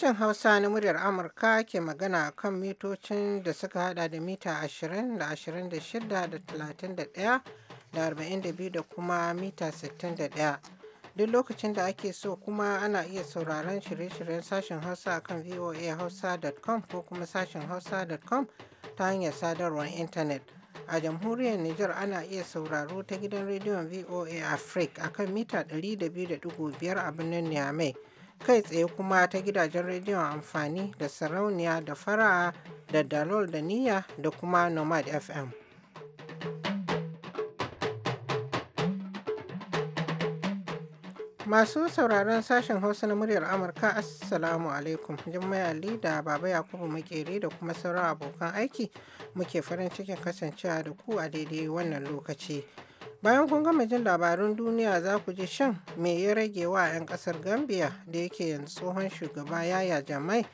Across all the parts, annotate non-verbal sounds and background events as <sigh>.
Sashen Hausa na muryar Amurka ke magana kan mitocin da suka hada da mita 20 da 26 da 31 da 42 da kuma mita 61. Duk lokacin da ake so kuma ana iya sauraron shirye-shiryen sashen Hausa kan voahausa.com ko kuma sashen Hausa.com ta hanyar sadarwar intanet. A jamhuriyar Nijar ana iya sauraro ta gidan rediyon VOA Africa akan mita 102.5 a birnin Niamey. kai tsaye kuma ta gidajen rediyon amfani da sarauniya da fara da dalol da niyya da kuma nomad fm masu sauraron sashen hausa na muryar amurka assalamu alaikum jummai ali da baba yakubu makere da kuma sauran abokan aiki muke farin cikin kasancewa da ku a daidai wannan lokaci Bayan kun gama jin labarun duniya za ku ji shan me ya rage wa 'yan kasar Gambia da yake yanzu tsohon shugaba Yaya Jamai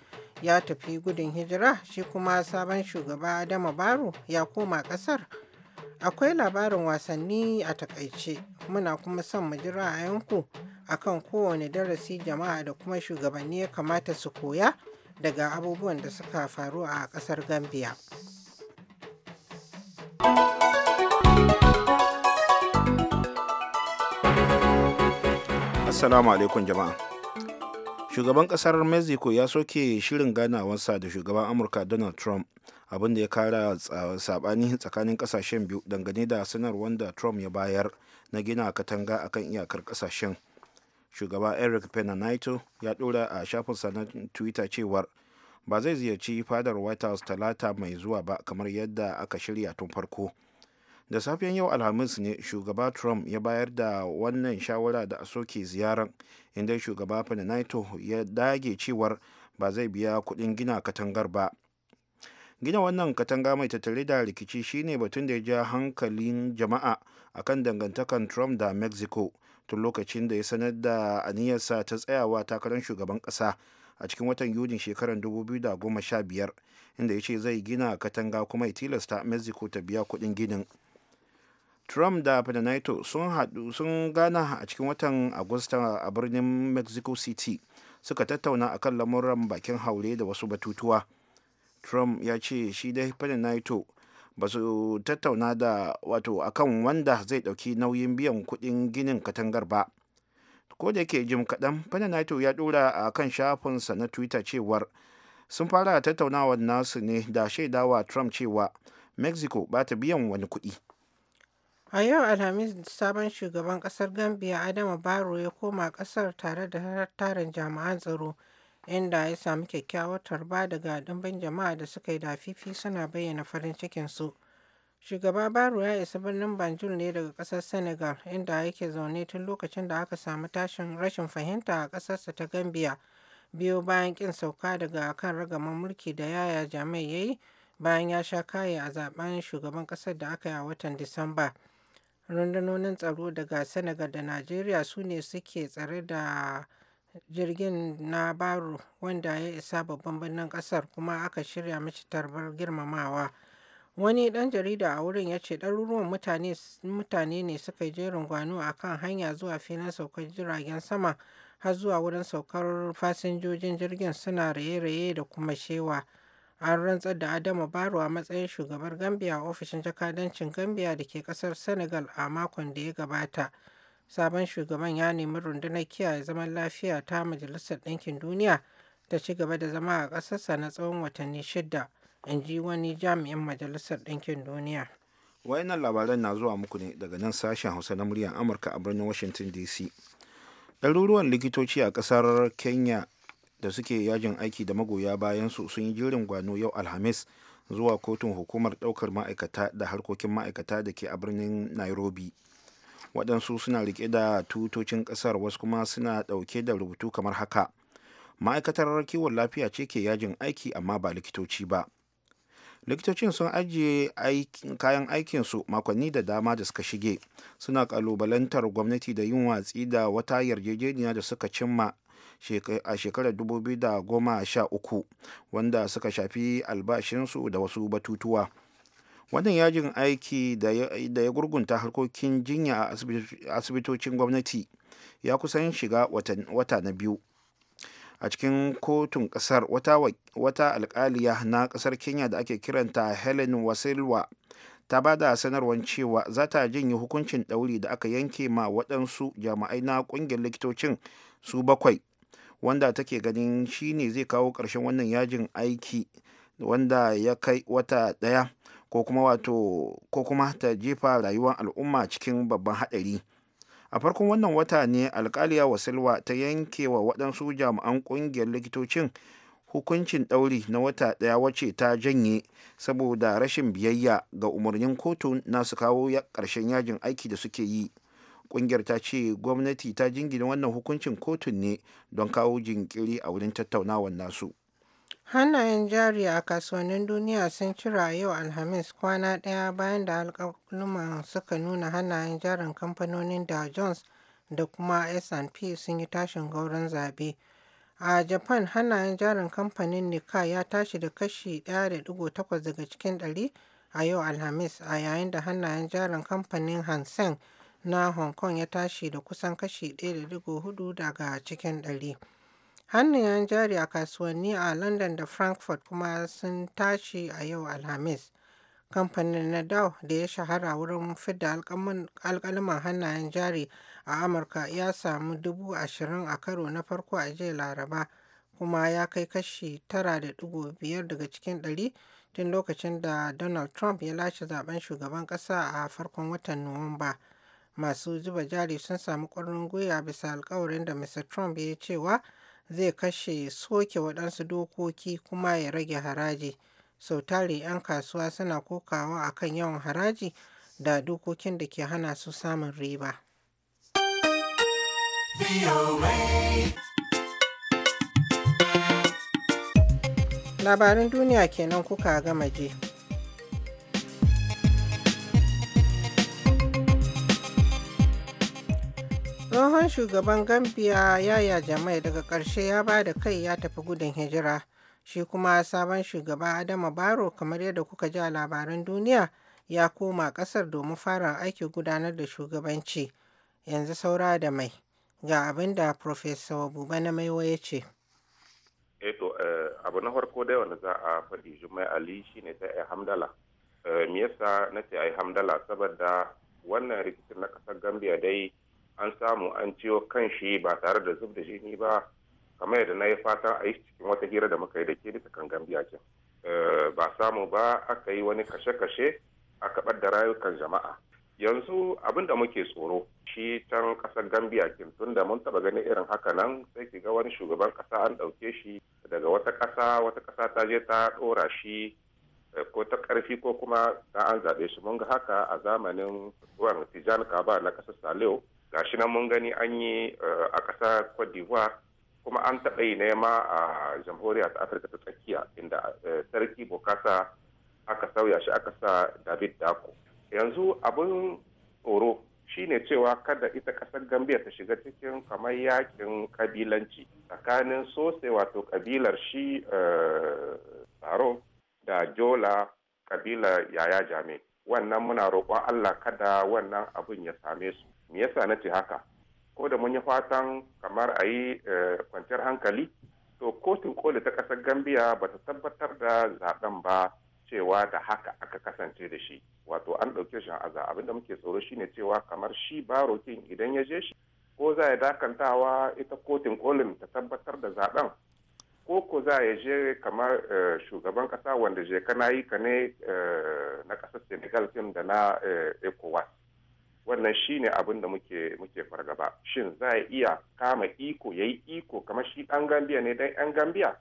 ya tafi gudun hijira shi kuma sabon shugaba Adama Baro ya koma kasar. Akwai labarin wasanni a takaice muna kuma son mu ji a akan kowane darasi jama'a da kuma shugabanni ya kamata su koya daga abubuwan da suka faru a kasar Gambia. Assalamu alaikum jama'a. Shugaban kasar Mexico ya soke shirin ganawarsa da shugaban Amurka Donald Trump abin da ya kara sabani tsakanin kasashen biyu dangane da sanar wanda Trump ya bayar na gina katanga a kan iyakar kasashen. Shugaba Eric penanito ya dora a shafinsa na Twitter cewar ba zai ziyarci fadar White House talata mai zuwa ba kamar yadda aka shirya tun farko. da safiyan yau alhamis ne shugaba trump ya bayar da wannan shawara da a soke ziyaran inda shugaba naito ya dage cewar ba zai biya kudin gina katangar ba gina wannan katanga mai tattare da rikici shine batun da ya ja hankalin jama'a akan dangantakan trump da mexico tun lokacin da ya sanar da aniyarsa ta tsayawa takarar shugaban kasa a cikin watan yuni shekarar 2015 inda ya ce zai gina katanga kuma ya tilasta mexico ta biya kudin ginin trump da fernando sun haɗu sun gana a cikin watan agusta a birnin mexico city suka tattauna akan lamuran bakin haure da wasu batutuwa trump ya ce shi dai fernando ba su tattauna da wato akan wanda zai ɗauki nauyin biyan kuɗin ginin katangar ba ko da yake jim kaɗan nato ya ɗora a kan shafinsa na twitter cewar sun fara tattaunawa nasu ne da shaidawa trump cewa mexico ba ta biyan wani kuɗi A yau Alhamis sabon shugaban kasar Gambia Adama baro ya koma kasar tare da tarin jami'an tsaro inda ya sami kyakkyawar tarba daga dimbin jama'a da suka yi dafifi suna bayyana farin cikin su Shugaba baro ya isa birnin Banjul ne daga kasar Senegal inda yake zaune tun lokacin da aka samu tashin rashin fahimta a kasarsa ta Gambia biyo bayan kin sauka daga kan ragaman mulki da yaya jami'ai yayi bayan ya sha kaye a zaben shugaban kasar da aka yi a watan Disamba. rundunonin tsaro daga senegal da najeriya su ne suke tsare da jirgin na baro wanda ya isa babban birnin kasar kuma aka shirya mishi tarbar girmamawa wani dan jarida a wurin ya ce ɗaruruwan mutane ne suka yi jerin gwano a kan hanya zuwa filin saukar jiragen sama har zuwa wurin saukar fasinjojin jirgin suna raye-raye da kuma shewa an rantsar da adama barrow a matsayin shugabar gambia a ofishin jakadancin gambia da ke kasar senegal a makon da ya gabata sabon shugaban ya nemi rundunar kiyaye zaman lafiya ta majalisar ɗinkin duniya ta ci gaba da zama a ƙasarsa na tsawon watanni shida in ji wani jami'in majalisar ɗinkin duniya wayannan labaran na zuwa muku ne daga nan sashen hausa na muryar amurka a birnin washington dc ɗaruruwan likitoci a ƙasar kenya da suke yajin aiki da magoya bayan su sun yi jirin gwano yau alhamis zuwa kotun hukumar daukar ma'aikata da harkokin ma'aikata da ke a birnin nairobi waɗansu suna rike da tutocin ƙasar wasu kuma suna ɗauke da rubutu kamar haka ma'aikatar kiwon lafiya ce ke yajin aiki amma ba likitoci ba likitocin sun ajiye kayan aikinsu makonni da dama da suka shige suna kalubalantar gwamnati da yin watsi da wata yarjejeniya da suka cimma a shekarar 2013 wanda suka shafi albashinsu da wasu batutuwa wannan yajin aiki da ya gurgunta harkokin jinya a asibitocin gwamnati ya kusan shiga wata na biyu a cikin kotun kasar wata, alkaliya na kasar kenya da ake kiranta helen wasilwa ta ba da sanarwar cewa za ta janye hukuncin ɗauri da aka yanke ma waɗansu jama'ai na ƙungiyar likitocin su bakwai wanda take ganin shi ne zai kawo ƙarshen wannan yajin aiki wanda ya kai wata ɗaya ko kuma wato ko kuma ta jefa rayuwar al'umma cikin babban haɗari a farkon wannan wata ne alkaliya wasilwa ta yanke wa waɗansu jami'an ƙungiyar likitocin hukuncin ɗauri na wata ɗaya wacce ta janye saboda rashin biyayya ga umarnin kotu nasu su kawo ƙarshen yajin aiki da suke yi kungiyar ta ce gwamnati ta jingina wannan hukuncin kotun ne don kawo jinkiri a wurin tattaunawar nasu hannayen jari a kasuwannin duniya sun cira yau alhamis kwana daya bayan da alƙaluma suka nuna hannayen jarin kamfanonin da jones da kuma s&p sun yi tashin gauran zabe a japan hannayen jarin kamfanin nika ya tashi da kashi 1.8 daga cikin 100 a yau alhamis a yayin da hannayen jarin kamfanin hansen na Hong Kong ya tashi da kusan kashi 1.4 daga cikin ɗari. 'yan jari a kasuwanni a London da Frankfurt kuma sun tashi a yau Alhamis. Kamfanin na Dow da ya shahara wurin fidda alkalman hannayen jari a Amurka ya samu dubu ashirin a karo na farko a jiya Laraba kuma ya kai kashi tara 9.5 daga cikin ɗari tun lokacin da Donald Trump ya lashe zaben shugaban ƙasa a farkon watan Nuwamba. masu zuba jari sun samu ƙwarin gwiwa bisa alkawarin da mr trump ya cewa zai kashe soke waɗansu dokoki kuma ya rage haraji sau tare 'yan kasuwa suna kokawa akan yawan haraji da dokokin da ke hana su samun riba labarin duniya kenan kuka gama je. tsohon shugaban gambia yaya jama'i daga karshe ya ba da kai ya tafi gudun hijira shi kuma sabon shugaba adama baro kamar yadda kuka ji a labaran duniya ya koma kasar domin fara aiki gudanar da shugabanci yanzu saura da mai ga abin da professor buba na maiwa ya ce eh eh, abu na farko dai wanda za a faɗi jumai ali shine ta hamdala eh, me yasa na ce ai hamdala saboda wannan rikicin na ƙasar gambia dai an samu an ciwo kan shi ba tare da zub da jini ba kamar yadda na yi fatan a yi cikin wata hira da muka yi da ke bisa kan gambiya kin eh, ba samu ba aka yi wani kashe-kashe a kaɓar da rayukan jama'a yanzu abin da muke tsoro shi can kasar gambia kin tun da mun taɓa ganin irin haka nan sai ki ga wani shugaban ƙasa an ɗauke shi daga wata ƙasa wata ƙasa ta je ta ɗora shi eh, ko ta ƙarfi ko kuma ta an zaɓe shi mun ga haka a zamanin tijan kaba na ƙasar saleo gashi nan mun gani an yi eh, a ƙasar cote d'ivoire kuma an taɓa yi nema a jamhuriyar ta afirka ta tsakiya inda eh, sarki bukasa aka sauya shi aka sa david dako yanzu abin tsoro shine cewa kada ita ƙasar gambia ta shiga cikin kamar yakin kabilanci tsakanin sose wato kabilar shi tsaro eh, da jola kabilar yaya jami wannan muna roƙon allah kada wannan abin ya same su me yasa na ce haka ko da mun yi fatan kamar a yi eh, kwanciyar hankali to kotun koli ta ƙasar gambiya ba ta tabbatar da zaben ba cewa da haka aka kasance da shi wato an ɗauke shi aza abinda muke tsoro ne cewa kamar shi barokin idan ya je shi ko za ya dakantawa ita kotun kolin ta tabbatar da zaben ko ko za ya je kamar eh, shugaban kasa wanda je kana yi ka ne eh, na ƙasar senegal da na ecowas wannan shine abin da muke muke fargaba shin za a iya kama iko yayi iko kamar shi ɗan gambiya ne dan yan gambiya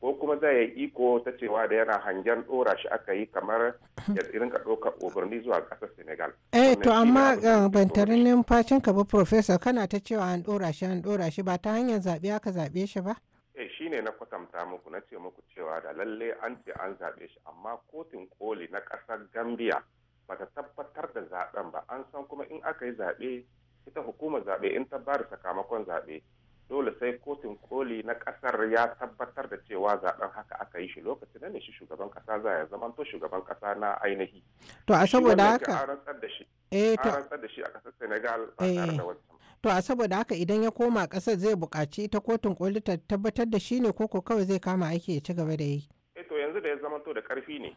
ko kuma za yi iko ta cewa da yana hangen dora shi aka yi kamar mhm. ya rinka ɗaukar obarni zuwa ƙasar senegal eh to amma eh, ban tare numfashin ka ba professor kana ta cewa an dora shi an dora shi ba ta hanyar zaɓe aka zaɓe shi ba eh shine na kwatanta muku na ce muku cewa da lalle an ce an zaɓe shi amma kotun koli na ƙasar gambia ba ta tabbatar da zaben ba an san kuma in aka yi zaɓe ita hukumar zaɓe in ta ba da sakamakon zaɓe dole sai kotun koli na ƙasar ya tabbatar da cewa zaben haka aka yi shi lokacin nan ne shi shugaban ƙasa za ya zama to shugaban ƙasa na ainihi to a saboda haka an rantsar da shi eh, to an rantsar da shi a ƙasar Senegal ba tare eh. da wancan to a saboda haka idan ya koma ƙasar zai buƙaci ita kotun koli ta tabbatar da shi ne ko kawai zai kama aiki ya ci gaba da yi eh to yanzu da ya zama to da ƙarfi ne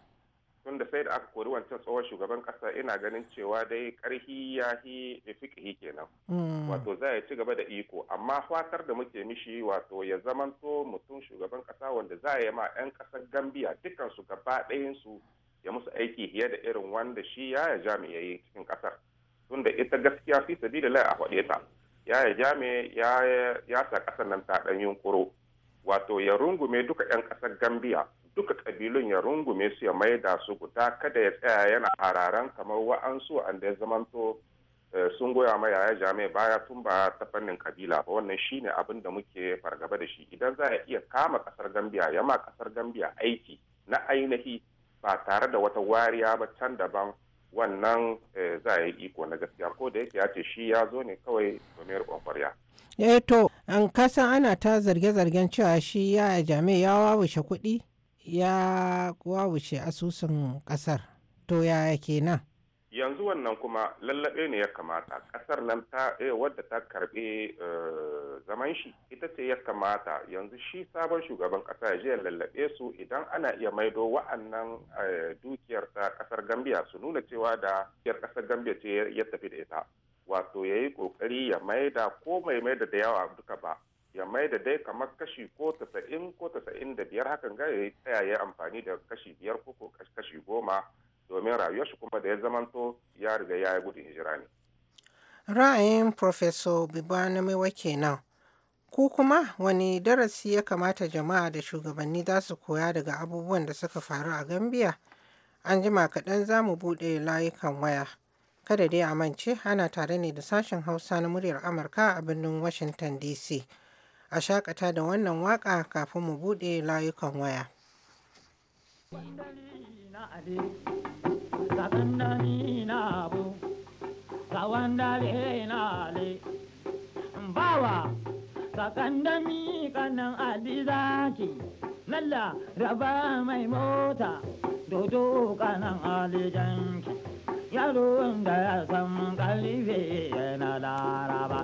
tunda sai da aka kori wancan tsohon shugaban kasa ina ganin cewa dai karhi ya hi fiƙihi kenan hmm. wato za ya ci gaba da iko amma fatar da muke mishi wato ya zamanto mutum shugaban kasa wanda za ya ma 'yan kasar gambiya dukkan su gaba ɗayan su ya musu aiki fiye da irin wanda shi ya ya jami'ai cikin kasar tunda ita gaskiya fi lai a faɗe ta ya ya jami'ai ya sa kasar nan ta ɗan yunkuro wato ya rungume duka 'yan kasar gambiya. duka kabilun ya rungume su ya maida su guda kada ya tsaya yana hararan kamar wa'ansu an ya zamanto eh, sun goya ma yaya jami'a baya tun ba ta fannin kabila ba wannan shine abin da muke fargaba da shi idan za a iya kama kasar gambia ya ma kasar gambia aiki na ainihi ba tare da wata wariya ba can daban wannan eh, za a yi iko na gaskiya ko da yake ya ce shi ya zo ne kawai domin riƙon kwarya. eh to an kasan ana ta zarge-zargen cewa shi ya jami'a ya wawushe kuɗi ya wuce asusun kasar to yake nan. yanzu wannan kuma lallabe ne ya kamata kasar nan ta eh, wadda ta karɓi eh, zaman shi ita ce ya kamata yanzu shi sabon shugaban ƙasa ya je ya lallabe su idan ana iya maido wa'annan eh, dukiyar ta ƙasar gambia su nuna cewa da 'yar ƙasar gambia ce ya tafi da ita wato ya yi ƙoƙari ya maida ko mai maida da yawa duka ba ya mai da dai kamar kashi ko tasa'in ko tasa'in da biyar hakan ga ya tsaya ya amfani da kashi biyar ko kashi goma domin rayuwar shi kuma da ya zamanto ya riga ya yi gudun hijira ne. Ra'ayin Professor Bibana Mewa kenan. Ko kuma wani darasi ya kamata jama'a da shugabanni za su koya daga abubuwan da suka faru a Gambia? An jima kaɗan za mu buɗe layukan waya. Kada dai a mance ana tare ne da sashen Hausa na muryar Amurka a birnin Washington DC. A shaƙata da wannan waƙa kafin mu buɗe layukan waya. Bawa, sakandami kanan zaki nalla raba mai mota, dodo kanan alijanki, yaron da ya san kalife yana laraba.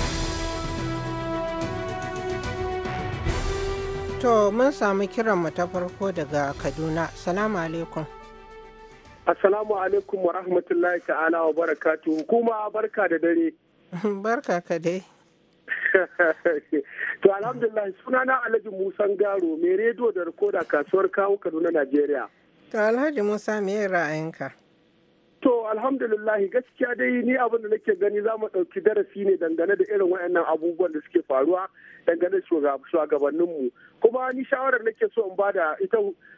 To mun samu kiran mu ta farko daga Kaduna. Salamu alaikum. Assalamu alaikum wa rahmatullahi ta'ala wa barakatu. Kuma barka da dare. <laughs> barka ka dai. <laughs> to alhamdulillah sunana Alhaji Musa Garo mai rediyo da rikoda kasuwar kawo Kaduna Najeriya. To Alhaji Musa me ra'ayinka? To alhamdulillahi gaskiya dai ni abin da nake gani za mu ɗauki darasi ne dangane da irin waɗannan abubuwan da suke faruwa dangane da shugabanninmu. Kuma ni shawarar nake so in bada ita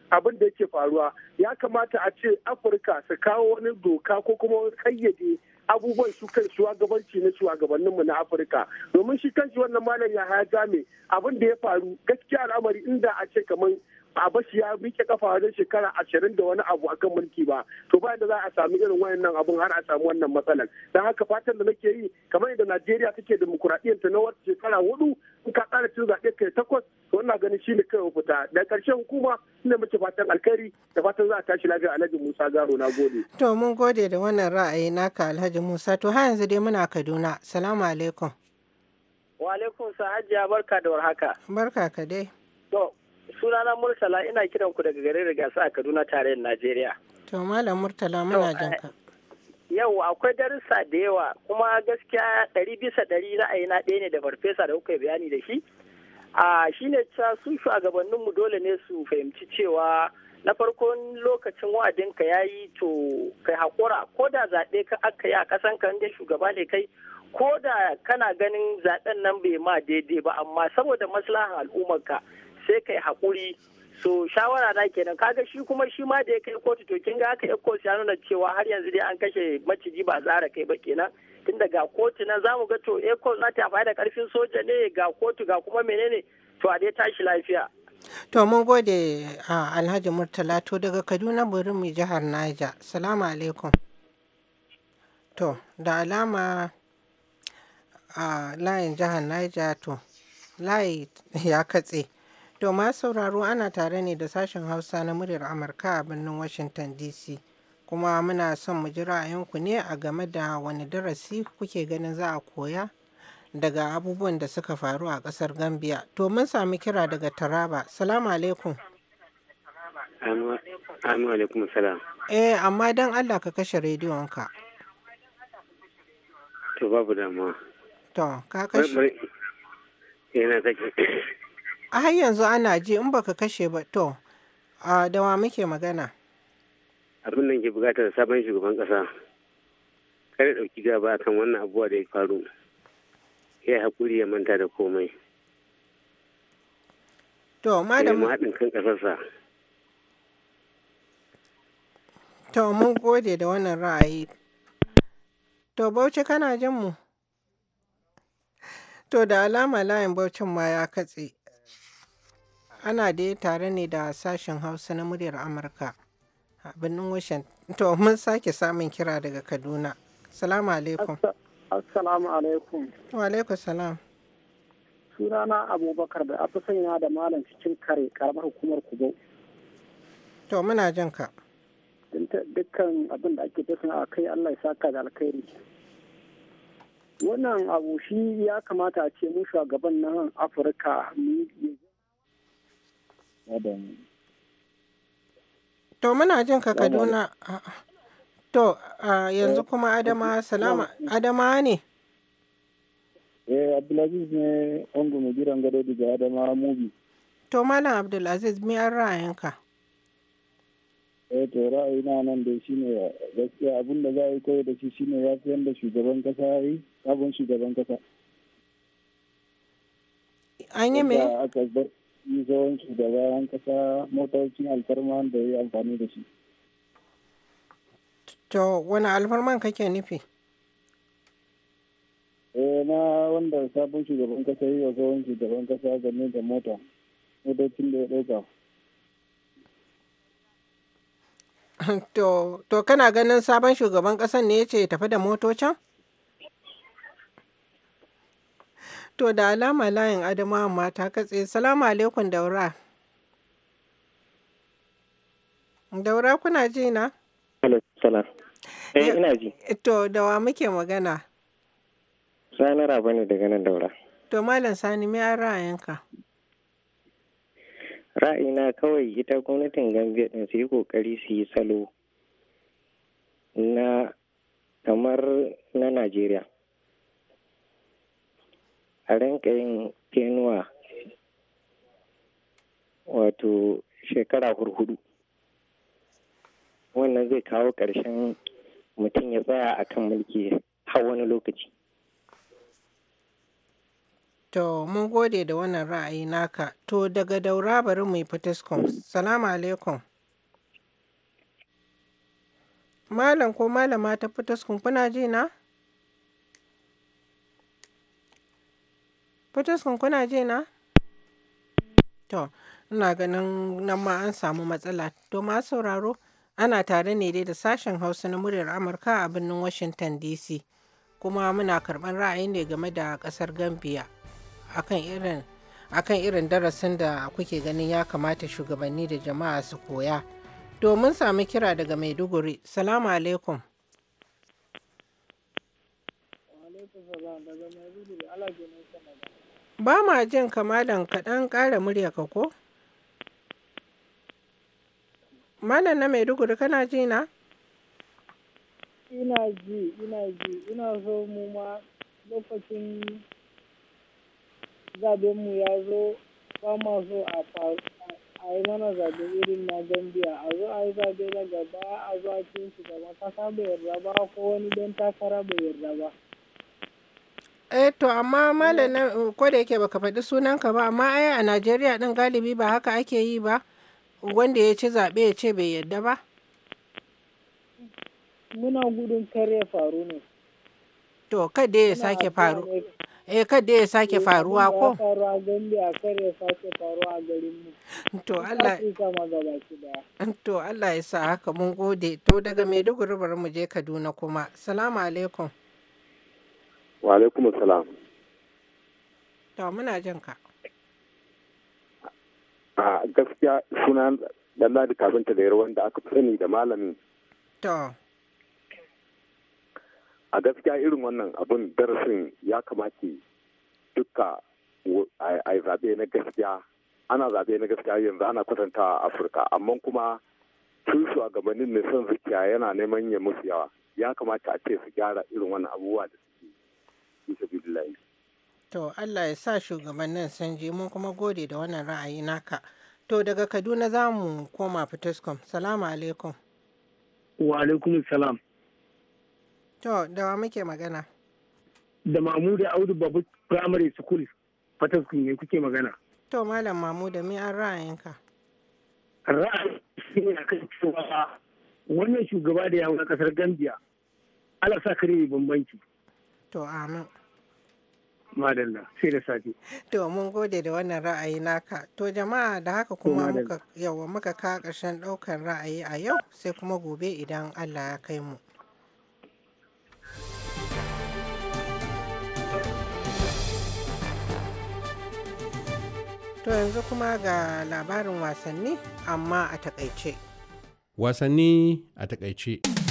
abin da yake faruwa ya kamata a ce Afirka su kawo wani doka ko kuma wani kayyade abubuwan su kan shugabanci na shugabanninmu na afirka domin shi kanshi wannan malam ya haya jami abin da ya faru gaskiya al'amari inda a ce kamar a abashi ya miƙe kafa wajen shekara ashirin da wani abu akan mulki ba to ba da za a sami irin wayannan abun har a samu wannan matsalar don haka fatan da nake yi kamar yadda najeriya take demokuraɗiyyar ta na wata shekara hudu in ka tsara cin zaɓe kai takwas to ina ganin shi ne kawai fita da ƙarshen hukuma ina mace fatan alkhairi da fatan za a tashi lafiya alhaji musa garo na gode. to mun gode da wannan ra'ayi naka alhaji musa to har yanzu dai muna kaduna salamu alaikum. wa alaikum sahajiya barka da warhaka. barka ka dai. sunana Murtala ina kiran ku daga garin Rigasa a Kaduna tarayyar Najeriya. To Malam Murtala muna jinka. Eh, yau akwai darussa da yawa kuma gaskiya ɗari bisa ɗari na ɗaya ne da farfesa da kuka bayani da shi. A shi ne cewa su mu dole ne su fahimci cewa na farkon lokacin wa'adinka ya yi to kai haƙura ko da zaɓe ka aka yi a ƙasan ka inda shugaba ne kai ko da kana ganin zaɓen nan bai ma daidai ba amma saboda maslahar al'ummarka sai kai hakuri so shawara na kenan kaga shi kuma shi ma da ya kai kotu to kin ga aka yi kotu ya nuna cewa har yanzu dai an kashe maciji ba tsara kai ba kenan tun daga kotu na zamu ga to eko eh, za ta faɗa da karfin soja ne ga kotu ga kuma menene to a dai tashi lafiya to mun gode a alhaji murtala to daga kaduna burin mu jihar naija salamu alaikum to da alama a layin jihar naija to layi ya katse To ma sauraro ana tare ne da sashen Hausa na muryar Amurka a birnin Washington DC. Kuma muna son mu ji ra'ayinku ne a game da wani darasi kuke ganin za a koya daga abubuwan da suka faru a ƙasar Gambia. To mun sami kira daga Taraba. Salamu alaikum. Eh amma don Allah ka kashe rediyonka. To babu damuwa. To ka kashe. a har yanzu ana ji in baka kashe ba to a da wa muke magana abin da ke bukatar sabon shugaban kasa kare dauki gaba kan wannan abubuwa da ya faru ya hakuri ya manta da komai to madam haɗin kan ƙasarsa to mun gode da wannan ra'ayi to bauchi kana jin mu to da alama layin bauchin ma ya katse ana da tare ne da sashen hausa na muryar amurka a birnin washington to mun sake samun kira daga kaduna salamu alaikum assalamu alaikum wa alaikum salam sunana abubakar da afi sanya da malam cikin kare karamar hukumar kubo to muna jin ka dukkan abin da ake tafi a kai allah ya saka da alkhairi wannan abu shi ya kamata a ce mu shugaban nan afirka mu To muna jin ka Kaduna. To yanzu kuma Adama salama Adama ne. Eh Abdulaziz ne Ongo mai jiran gado daga Adama Mubi. To Malam Abdulaziz me an ra'ayinka? Eh to ra'ayina nan dai shine gaskiya abin da za a yi koyi da shi shine ya fi yanda shugaban kasa ya yi sabon shugaban kasa. An yi me? yi tsohon shugaban kasa motocin alfarma da ya yi amfani da shi. To, wani alfarman kake nufi? Eh, na wanda sabon shugaban kasa yi wa tsohon shugaban kasa game da mota, motocin da ya ɗauka. <laughs> To, to kana ganin sabon shugaban ƙasan ne ya ce tafi da motocin? To da alama layin Adamawa mata katse. Salamu alaikum Daura. Daura kuna ji na? Eh, ina ji. To da wa muke magana? Sani Raba ne daga nan Daura. To Malam Sani me an ra'ayinka? Ra'ayina kawai ita gwamnatin Gambia din su yi kokari su yi salo na kamar na Najeriya. a rinka yin kenuwa wato shekara hurhudu wannan zai kawo ƙarshen mutum ya tsaya a kan mulki har wani lokaci to mun gode da wannan ra'ayi naka to daga daura bari mai fitaskun salamu alaikum malam ko malama ta fitaskun kuna ji na? Potoskum kuna ji na? To, ina ganin nan ma an samu matsala. To ma sauraro, ana tare ne dai da sashen Hausa na muryar Amurka a birnin Washington DC. Kuma muna karɓar ra'ayi ne game da ƙasar Gambia akan irin akan irin darasin da kuke ganin ya kamata shugabanni da jama'a su koya. Domin samu kira daga Maiduguri, salamu alaikum. alaikum salam daga Maiduguri, Allah Ba ma jin kamalan kaɗan ƙara muryarka ko? Malam na Maiduguri kana ji na? Ina ji, ina ji, ina zo mu ma lokacin zaɓenmu ya zo ba ma so a yi mana zaɓe irin na Gambia, a zo a yi zaɓe na gaba a zo a cin shi gaba, kasa bai yarda ba ko wani don takara bai yarda ba. eh to amma malam mm, ko da yake baka faɗi sunan ka ba amma ai a Najeriya din galibi ba haka ake yi ba wanda ya ci zaɓe ya ce bai yadda ba muna gudun kare faru ne to kada ya sake faru eh kada ya sake eh, faruwa ko faru a a sake a garin mu <laughs> to Allah <laughs> to Allah ya sa haka mun gode to daga Maiduguri bari mu je Kaduna kuma salamu alaikum Wa alaikum salam. To muna jin ka. A gaskiya sunan Dalladi kafinta da wanda aka sani da malamin. To. A gaskiya irin wannan abun darasin ya kamata duka a zabe na gaskiya ana zabe na gaskiya yanzu ana kwatanta a Afirka amma kuma tun shugabannin ne son zuciya yana neman ya musu yawa ya kamata a ce su gyara irin wannan abubuwa da su to Allah ya sa shugabannin sun je mun kuma gode da wannan ra'ayi naka to daga Kaduna za mu koma Fitiskum salamu alaikum wa alaikum salam to da wa muke magana da Mamudu Audu Babu Primary School Fitiskum ne kuke magana to malam Mamudu me an ra'ayinka ra'ayi shine akan cewa wannan shugaba da yawon kasar Gambia Allah sa kare bambanci To amin. Madalla, sai da sati. To mun gode da wannan ra'ayi naka. To jama'a da haka kuma muka yawa muka ka ƙarshen ɗaukar ra'ayi a yau sai kuma gobe idan Allah ya kai mu. To yanzu kuma ga labarin wasanni amma a takaice. Wasanni a takaice.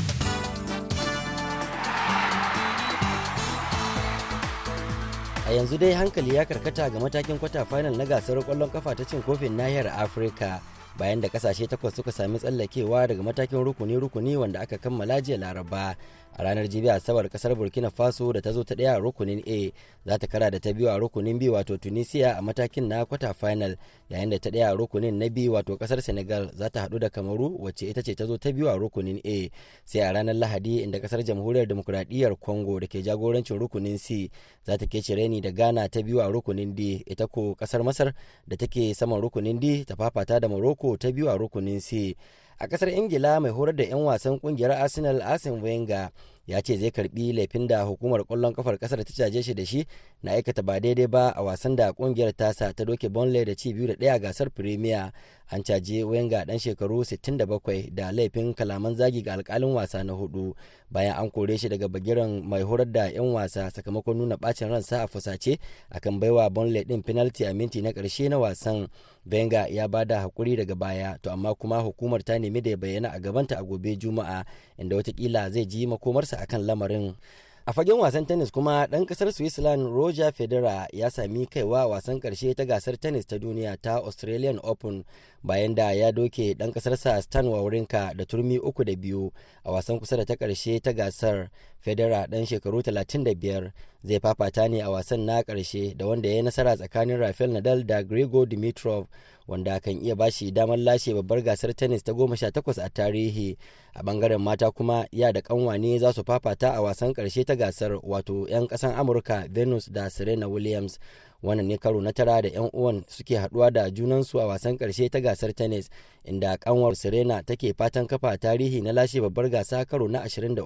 a yanzu dai hankali ya karkata ga matakin kwata final na gasar kwallon kafa ta cin kofin nahiyar afirka bayan da kasashe takwas suka sami tsallakewa daga matakin rukuni-rukuni wanda aka kammala jiya laraba a ranar jibi asabar kasar burkina faso da ta zo ta daya a rukunin a za ta kara da ta biyu a rukunin b wato tunisia a matakin na kwata final yayin da ta daya a rukunin na b wato kasar senegal za ta hadu da kamaru wacce ita ce ta zo ta biyu a rukunin a sai a ranar lahadi inda kasar jamhuriyar demokuraɗiyyar congo da ke jagorancin rukunin c za ta kece reni da ghana ta biyu a rukunin d ita ko kasar masar da take saman rukunin d ta fafata da morocco ta biyu a rukunin c a kasar ingila mai horar da 'yan wasan kungiyar arsenal arsene wenger ya ce zai karbi laifin da hukumar kwallon kafar kasar ta caje shi da shi na aikata ba daidai ba a wasan da kungiyar tasa ta doke bonle da ci biyu da daya gasar premier an caje wenga dan shekaru 67 da laifin kalaman zagi ga alkalin wasa na hudu bayan an kore shi daga bagiran mai horar da yan wasa sakamakon nuna bacin ransa a fusace akan baiwa bonle din penalty a minti na karshe na wasan benga ya bada hakuri daga baya to amma kuma hukumar ta nemi da ya bayyana a gabanta a gobe juma'a inda watakila zai ji makomarsa akan lamarin a fagen wasan tennis kuma ɗan kasar switzerland roger federer ya sami kaiwa wasan ƙarshe ta gasar tennis ta duniya ta australian open bayan da ya doke ɗan ƙasarsa stan wawrinka da turmi uku da biyu a wasan kusa da ta ƙarshe ta gasar federa ɗan shekaru 35 zai fafata ne a wasan na ƙarshe, da wanda ya yi nasara tsakanin rafael nadal da grego dimitrov wanda kan iya bashi damar lashe babbar gasar tennis ta 18 a tarihi a bangaren mata kuma ya da kanwa ne za su fafata a wasan ƙarshe ta gasar wato 'yan kasan amurka venus da serena williams wannan ne karo na tara da 'yan uwan suke haduwa da junan su a wasan karshe ta gasar tennis inda kanwar serena take fatan kafa tarihi na lashe babbar gasa karo na 23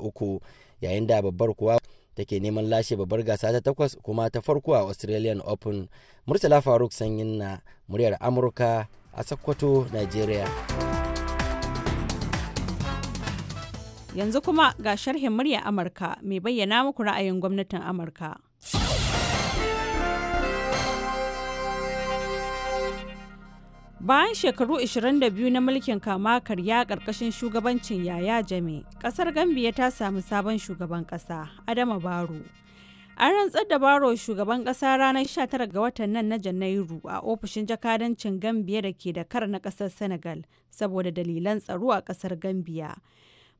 yayin da babbar kuwa take neman lashe babbar gasa ta takwas kuma ta farko a australian open murtala faruk sanyin na muryar amurka a sakkwato nigeria yanzu kuma ga sharhin murya amurka mai bayyana muku ra'ayin gwamnatin amurka bayan shekaru 22 na mulkin kama karya ƙarƙashin shugabancin yaya jami ƙasar gambia ta samu sabon shugaban ƙasa adama baro an rantsar da baro shugaban ƙasa ranar 19 ga watan nan na janairu a ofishin jakadancin gambia da ke da kar na ƙasar senegal saboda dalilan tsaro a ƙasar gambia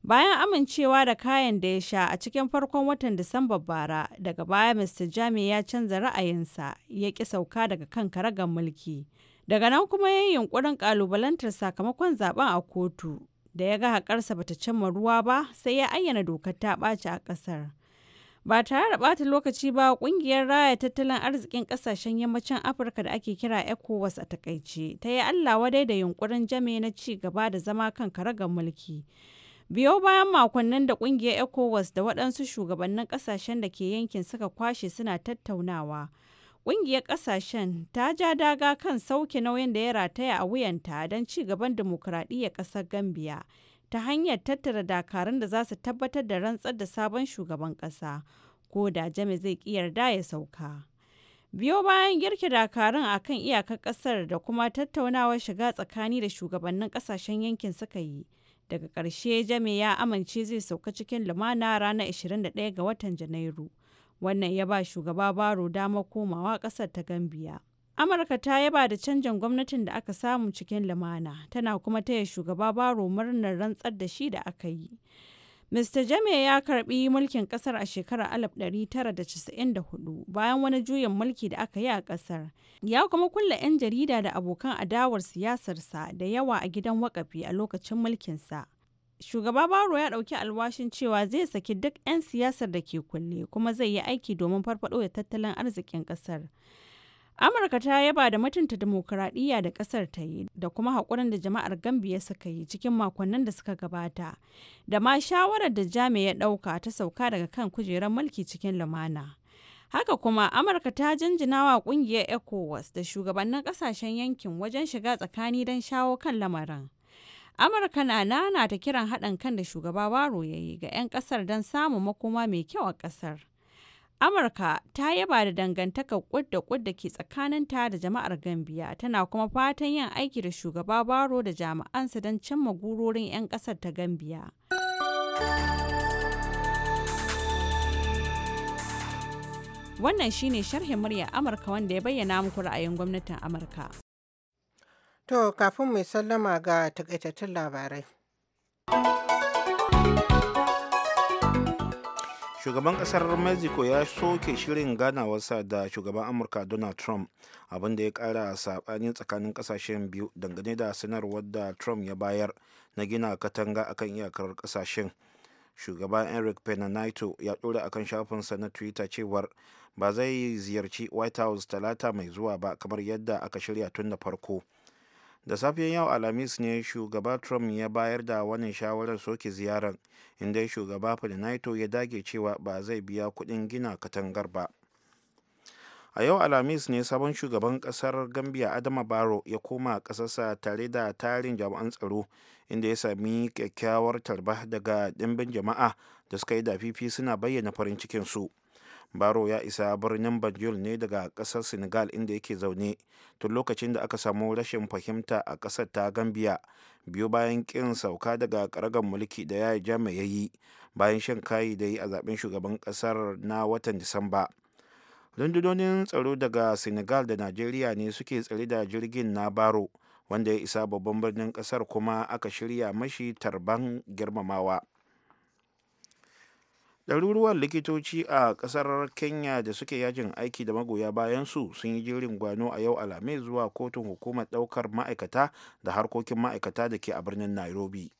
bayan amincewa da kayan da ya sha a cikin farkon watan Disambar bara daga baya mr Jami ya canza ra'ayinsa ya ki sauka daga kan karagar mulki. daga nan kuma ya yi yunkurin kalubalantar sakamakon zaben a kotu da ya ga haƙarsa bata cimma ruwa ba sai ya ayyana dokar ta ɓaci a ƙasar ba tare da ɓata lokaci ba ƙungiyar raya tattalin arzikin ƙasashen yammacin afirka da ake kira ecowas a takaice ta yi allah wadai da yunkurin jame na ci gaba da zama kan karagar mulki biyo bayan makonnin da ƙungiyar ecowas da waɗansu shugabannin ƙasashen da ke yankin suka kwashe suna tattaunawa Ƙungiyar ƙasashen ta ja daga kan sauke nauyin da ya rataya a wuyanta don ci gaban dimokuraɗiyyar ƙasar Gambia ta hanyar tattara dakarun da za su tabbatar da rantsar da sabon shugaban ƙasa, ko da Jami zai ki yarda ya sauka. Biyo bayan girke dakarun a kan iyakar ƙasar da kuma tattaunawar shiga tsakani da shugabannin ƙasashen yankin suka yi. Daga ƙarshe Jami ya amince zai sauka cikin lumana ranar 21 ga watan Janairu. Wannan ya ba shugaba baro dama komawa ƙasar ta Gambia. Amurka ta yaba da canjin gwamnatin da aka samu cikin lumana, tana kuma taya shugaba baro murnar rantsar da shi da aka yi. Mr. Jame ya karbi mulkin kasar a shekarar 1994 bayan wani juyin mulki da aka yi a kasar. Ya kuma kulla 'yan jarida da abokan adawar siyasarsa da yawa a gidan wakafi a lokacin mulkinsa. shugaba baro ya ɗauki alwashin cewa zai saki duk 'yan siyasar da ke kulle kuma zai yi aiki domin farfaɗo da tattalin arzikin ƙasar amurka ta yaba da mutunta demokuraɗiyya da ƙasar ta yi da kuma haƙurin da jama'ar gambiya suka yi cikin makonnin da suka gabata da ma shawarar da jami ya ɗauka ta sauka daga kan kujerar mulki cikin lumana haka kuma amurka ta jinjina wa ƙungiyar ecowas da shugabannin ƙasashen yankin wajen shiga tsakani don shawo kan lamarin amurka na nana ta kiran haɗin kan da shugaba baro ya yi ga 'yan ƙasar don samun makoma mai kyau a ƙasar amurka ta yaba da dangantaka kud da kud da ke tsakaninta da jama'ar gambiya tana kuma fatan yin aiki da shugaba baro da jami'ansa don cimma gurorin 'yan ƙasar ta gambiya. wannan shine sharhin murya amurka wanda ya bayyana muku ra'ayin gwamnatin amurka To kafin mai sallama ga takaitattun labarai. Shugaban kasar Mexico ya soke shirin ganawarsa da shugaban Amurka Donald Trump abinda ya kara saɓanin tsakanin kasashen biyu dangane da sanarwar da Trump ya bayar na gina katanga akan iyakar kasashen. Shugaban Eric penanaito ya ɗora akan shafinsa na Twitter cewar ba zai ziyarci White House talata mai zuwa ba kamar yadda aka shirya tun da farko. da safiyan yau alhamis ne shugaba trump ya bayar da wannan shawarar soke ziyarar inda shugaba naito ya dage cewa ba zai biya kudin gina katangar ba a yau alhamis ne sabon shugaban kasar gambia adama baro ya koma ƙasarsa tare da tarin jami'an tsaro inda ya sami kyakkyawar tarba daga dimbin jama'a da suka yi dafifi suna bayyana farin cikinsu su baro ya isa birnin banjul ne daga kasar senegal inda yake zaune tun lokacin da aka samu rashin fahimta a kasar ta gambia biyu bayan kin sauka daga karagar mulki da ya jami ya yi bayan shan kayi da yi a zaben shugaban kasar na watan disamba rundunonin tsaro daga senegal da nigeria ne suke tsare da jirgin na baro wanda ya isa babban birnin kasar kuma aka shirya mashi tarban girmamawa ɗaruruwan likitoci a ƙasar kenya da suke yajin aiki da magoya bayan su sun yi jirin gwano a yau alhamis zuwa kotun hukumar ɗaukar ma'aikata da harkokin ma'aikata da ke a birnin nairobi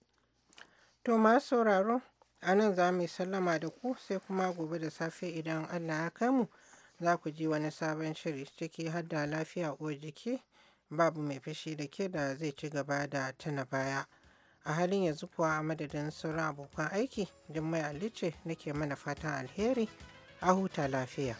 to masu sauraro a nan za mu sallama da ku sai kuma gobe da safe idan allah ya kai mu za ku ji wani sabon shiri ciki har da lafiya uwar jiki babu mai fashi da ke da zai ci gaba da tuna baya. A halin yanzu kuwa a madadin sauran abokan aiki, Jummai mai alice nake mana fatan alheri, a huta lafiya.